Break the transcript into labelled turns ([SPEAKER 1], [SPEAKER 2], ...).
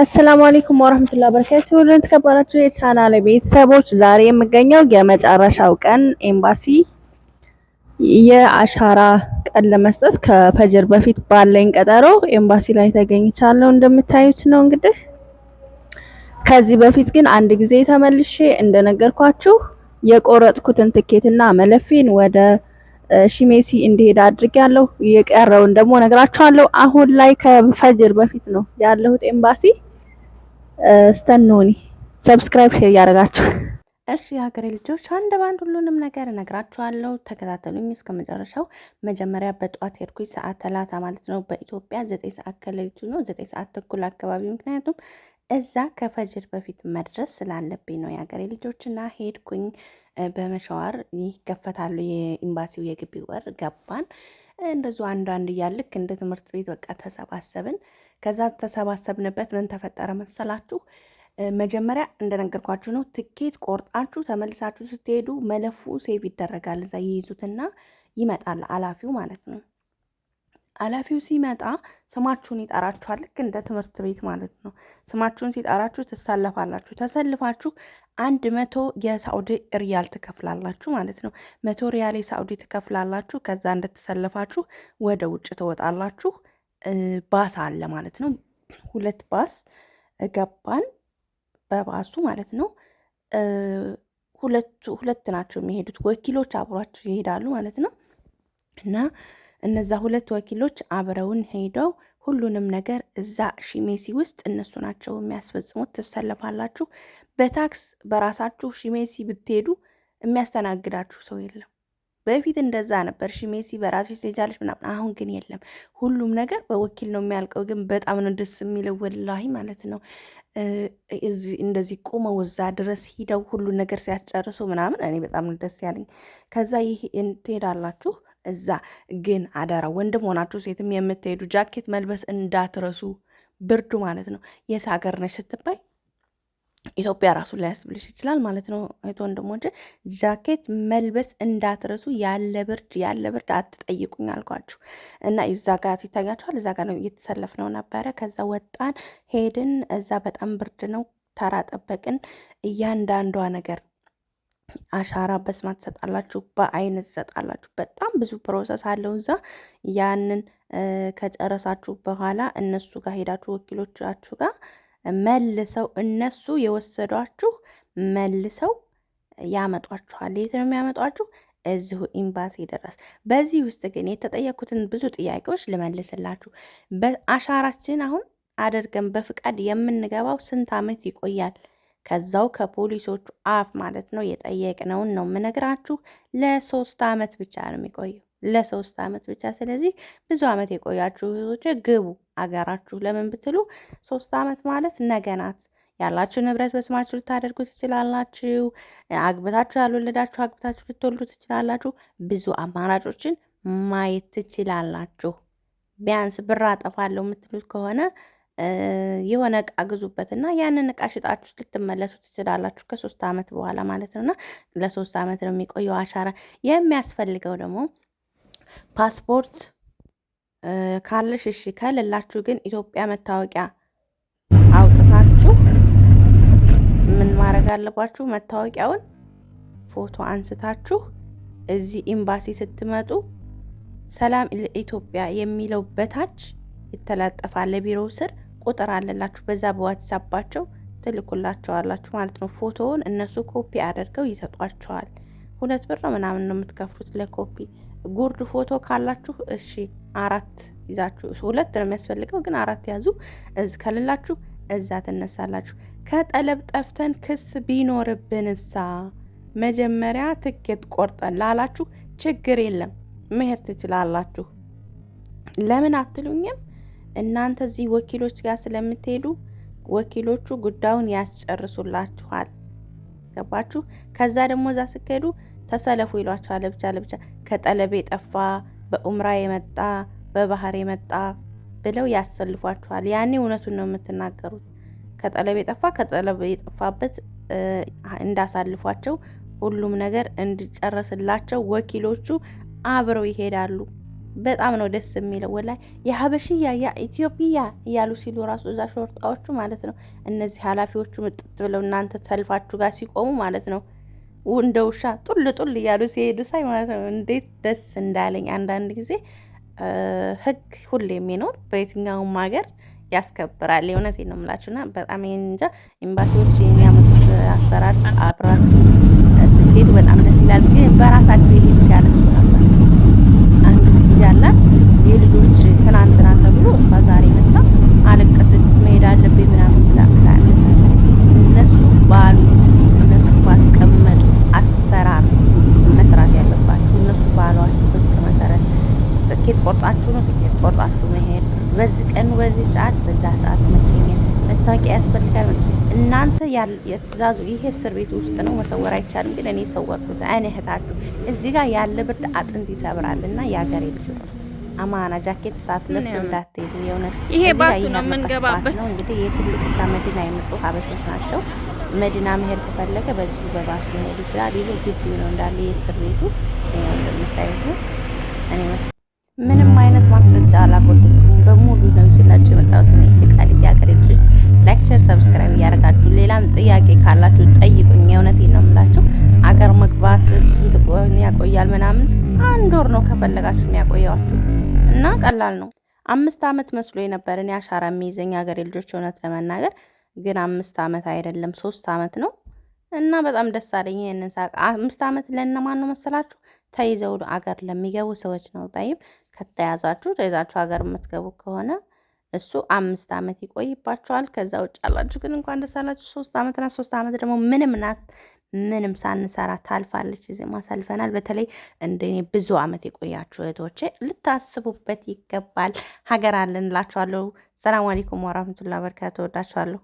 [SPEAKER 1] አሰላሙ አለይኩም ወራህመቱላሂ ወበረካቱሁ ሁሉን ተከበራችሁ የቻናል ቤተሰቦች፣ ዛሬ የምገኘው የመጨረሻው ቀን ኤምባሲ የአሻራ ቀን ለመስጠት ከፈጅር በፊት ባለኝ ቀጠሮ ኤምባሲ ላይ ተገኝቻለሁ። እንደምታዩት ነው እንግዲህ። ከዚህ በፊት ግን አንድ ጊዜ ተመልሼ እንደነገርኳችሁ የቆረጥኩትን ትኬትና መለፌን ወደ ሺሜሲ እንዲሄድ አድርጌያለሁ። የቀረውን ደግሞ ነግራችኋለሁ። አሁን ላይ ከፈጅር በፊት ነው ያለሁት ኤምባሲ ስተንሆኒ ሰብስክራይብ፣ ሼር እያደረጋችሁ እሺ የሀገሬ ልጆች አንድ በአንድ ሁሉንም ነገር እነግራችኋለሁ። ተከታተሉኝ እስከ መጨረሻው። መጀመሪያ በጠዋት ሄድኩኝ፣ ሰዓት ተላታ ማለት ነው በኢትዮጵያ ዘጠኝ ሰዓት ከሌሊቱ ነው፣ ዘጠኝ ሰዓት ተኩል አካባቢ ምክንያቱም እዛ ከፈጅር በፊት መድረስ ስላለብኝ ነው የሀገሬ ልጆች እና ሄድኩኝ በመሻዋር ይከፈታሉ የኢምባሲው የግቢ ወር ገባን። እንደዙ አንዳንድ እያልክ እንደ ትምህርት ቤት በቃ ተሰባሰብን። ከዛ ተሰባሰብንበት። ምን ተፈጠረ መሰላችሁ? መጀመሪያ እንደነገርኳችሁ ነው። ትኬት ቆርጣችሁ ተመልሳችሁ ስትሄዱ መለፉ ሴቭ ይደረጋል። እዛ ይይዙትና ይመጣል አላፊው ማለት ነው። አላፊው ሲመጣ ስማችሁን ይጠራችኋል። ልክ እንደ ትምህርት ቤት ማለት ነው። ስማችሁን ሲጠራችሁ ትሳለፋላችሁ። ተሰልፋችሁ አንድ መቶ የሳዑዲ ሪያል ትከፍላላችሁ ማለት ነው። መቶ ሪያል የሳዑዲ ትከፍላላችሁ። ከዛ እንደተሰለፋችሁ ወደ ውጭ ትወጣላችሁ። ባስ አለ ማለት ነው። ሁለት ባስ ገባን በባሱ ማለት ነው። ሁለቱ ሁለት ናቸው የሚሄዱት ወኪሎች አብሯቸው ይሄዳሉ ማለት ነው። እና እነዛ ሁለት ወኪሎች አብረውን ሄደው ሁሉንም ነገር እዛ ሺሜሲ ውስጥ እነሱ ናቸው የሚያስፈጽሙት። ትሰለፋላችሁ። በታክስ በራሳችሁ ሺሜሲ ብትሄዱ የሚያስተናግዳችሁ ሰው የለም። በፊት እንደዛ ነበር፣ ሺ ሜሲ በራስሽ ትሄጃለሽ ምናምን። አሁን ግን የለም፣ ሁሉም ነገር በወኪል ነው የሚያልቀው። ግን በጣም ነው ደስ የሚለው ወላሂ ማለት ነው። እንደዚህ ቁመው እዛ ድረስ ሂደው ሁሉን ነገር ሲያስጨርሱ ምናምን እኔ በጣም ነው ደስ ያለኝ። ከዛ ይህ ትሄዳላችሁ እዛ ግን አደራ ወንድም ሆናችሁ ሴትም የምትሄዱ ጃኬት መልበስ እንዳትረሱ፣ ብርዱ ማለት ነው። የት ሀገር ነች ስትባይ ኢትዮጵያ ራሱ ሊያስብልሽ ይችላል ማለት ነው። እህት ወንድሞች፣ ጃኬት መልበስ እንዳትረሱ። ያለ ብርድ ያለ ብርድ አትጠይቁኝ አልኳችሁ እና እዛ ጋ ይታያችኋል። እዛ ጋ ነው እየተሰለፍ ነው ነበረ። ከዛ ወጣን ሄድን። እዛ በጣም ብርድ ነው። ተራ ጠበቅን። እያንዳንዷ ነገር አሻራ በስማ ትሰጣላችሁ፣ በአይነት ትሰጣላችሁ። በጣም ብዙ ፕሮሰስ አለው እዛ ያንን ከጨረሳችሁ በኋላ እነሱ ጋር ሄዳችሁ ወኪሎቻችሁ ጋር መልሰው እነሱ የወሰዷችሁ መልሰው ያመጧችኋል። የት ነው የሚያመጧችሁ? እዚሁ ኤምባሲ ድረስ። በዚህ ውስጥ ግን የተጠየኩትን ብዙ ጥያቄዎች ልመልስላችሁ። በአሻራችን አሁን አድርገን በፍቃድ የምንገባው ስንት ዓመት ይቆያል? ከዛው ከፖሊሶቹ አፍ ማለት ነው የጠየቅነውን ነው የምነግራችሁ። ለሶስት ዓመት ብቻ ነው የሚቆየው። ለሶስት አመት ብቻ። ስለዚህ ብዙ አመት የቆያችሁ እህቶች ግቡ አገራችሁ። ለምን ብትሉ ሶስት አመት ማለት ነገ ናት። ያላችሁ ንብረት በስማችሁ ልታደርጉ ትችላላችሁ። አግብታችሁ ያልወለዳችሁ አግብታችሁ ልትወልዱ ትችላላችሁ። ብዙ አማራጮችን ማየት ትችላላችሁ። ቢያንስ ብር አጠፋለሁ የምትሉት ከሆነ የሆነ እቃ ግዙበትና ያንን እቃ ሽጣችሁ ልትመለሱ ትችላላችሁ፣ ከሶስት አመት በኋላ ማለት ነውና ለሶስት ዓመት ነው የሚቆየው አሻራ የሚያስፈልገው ደግሞ ፓስፖርት ካለሽ እሺ፣ ከሌላችሁ ግን ኢትዮጵያ መታወቂያ አውጥታችሁ ምን ማድረግ አለባችሁ? መታወቂያውን ፎቶ አንስታችሁ እዚህ ኤምባሲ ስትመጡ ሰላም ለኢትዮጵያ የሚለው በታች ይተላጠፋል። ቢሮው ስር ቁጥር አለላችሁ፣ በዛ በዋትሳባቸው ትልኩላቸዋላችሁ ማለት ነው። ፎቶውን እነሱ ኮፒ አድርገው ይሰጧቸዋል። ሁለት ብር ምናምን ነው የምትከፍሉት ለኮፒ ጉርድ ፎቶ ካላችሁ እሺ አራት ይዛችሁ ሁለት ነው የሚያስፈልገው፣ ግን አራት ያዙ። እዚ ከሌላችሁ እዛ ትነሳላችሁ። ከጠለብ ጠፍተን ክስ ቢኖርብንሳ መጀመሪያ ትኬት ቆርጠን ላላችሁ ችግር የለም መሄድ ትችላላችሁ። ለምን አትሉኝም? እናንተ እዚህ ወኪሎች ጋር ስለምትሄዱ ወኪሎቹ ጉዳዩን ያስጨርሱላችኋል። ገባችሁ? ከዛ ደግሞ እዛ ስከሄዱ ተሰለፉ ይሏቸዋል። ለብቻ ለብቻ ከጠለብ የጠፋ በኡምራ የመጣ በባህር የመጣ ብለው ያሰልፏቸዋል ያኔ እውነቱን ነው የምትናገሩት። ከጠለብ የጠፋ ከጠለብ የጠፋበት እንዳሳልፏቸው ሁሉም ነገር እንዲጨረስላቸው ወኪሎቹ አብረው ይሄዳሉ። በጣም ነው ደስ የሚለው ወላይ የሀበሽያ ያ ኢትዮጵያ እያሉ ሲሉ ራሱ እዛ ሾርጣዎቹ ማለት ነው እነዚህ ኃላፊዎቹ ምጥጥ ብለው እናንተ ሰልፋችሁ ጋር ሲቆሙ ማለት ነው እንደ ውሻ ጡል ጡል እያሉ ሲሄዱ ሳይ ማለት ነው እንዴት ደስ እንዳለኝ። አንዳንድ ጊዜ ህግ ሁሌ የሚኖር በየትኛውም ሀገር ያስከብራል። የእውነት ነው የምላችሁና በጣም እንጃ ኤምባሲዎች የሚያመጡት አሰራር አብራችሁ ስትሄዱ በጣም ደስ ይላል። ግን በራሳችሁ ይሄ ያለ ነበር። አንድ ልጅ አላት የልጆች ትናንትና ተብሎ እሷ ዛሬ መጣ አለቀሰች። በዚህ ቀን በዚህ ሰዓት በዛ ሰዓት መገኘት መታወቂያ ያስፈልጋል። እናንተ የትእዛዙ ይህ እስር ቤት ውስጥ ነው፣ መሰወር አይቻልም። ግን እኔ ሰወርኩት። እኔ እህታችሁ እዚህ ጋር ያለ ብርድ አጥንት ይሰብራል እና የሀገሬ ልጆች አማና ጃኬት ሰዓት ልብስ እንዳትሄዱ። የእውነት ይሄ ባሱ ነው የምንገባበት ነው። እንግዲህ የትልቁ ከመዲና የመጡ ሀበሾች ናቸው። መዲና መሄድ ከፈለገ በዚሁ በባሱ መሄድ ይችላል። ይሄ ግቢ ነው እንዳለ የእስር ቤቱ እንደምታዩት እኔ ምንም አይነት ማስረጃ አላጎደልኩም። በሙሉ ነው ይችላችሁ የመጣሁት ነው። ቃል ሀገር ልጆች ላይክ፣ ሼር፣ ሰብስክራይብ እያደረጋችሁ ሌላም ጥያቄ ካላችሁ ጠይቁኝ። የእውነቴን ነው የምላችሁ። አገር መግባት ስንት ያቆያል ምናምን አንድ ወር ነው ከፈለጋችሁ የሚያቆየዋችሁ እና ቀላል ነው። አምስት አመት መስሎ የነበር እኔ አሻራ የሚይዘኝ ሀገር ልጆች እውነት ለመናገር ግን አምስት አመት አይደለም ሶስት አመት ነው እና በጣም ደስ አለኝ ይህንን ሳቅ። አምስት አመት ለእነማን ነው መሰላችሁ? ተይዘው አገር ለሚገቡ ሰዎች ነው። ጣይም ከተያዛችሁ ተይዛችሁ አገር የምትገቡ ከሆነ እሱ አምስት ዓመት ይቆይባችኋል። ከዛ ውጭ ያላችሁ ግን እንኳን ደስ አላችሁ። ሶስት ዓመትና ሶስት ዓመት ደግሞ ምንም ናት ምንም ሳንሰራ ታልፋለች። እዚህም አሳልፈናል። በተለይ እንደኔ ብዙ ዓመት የቆያችሁ እህቶቼ ልታስቡበት ይገባል። ሀገር አለን እላችኋለሁ። ሰላም አለይኩም ወራህመቱላሂ ወበረካቱ። እወዳችኋለሁ።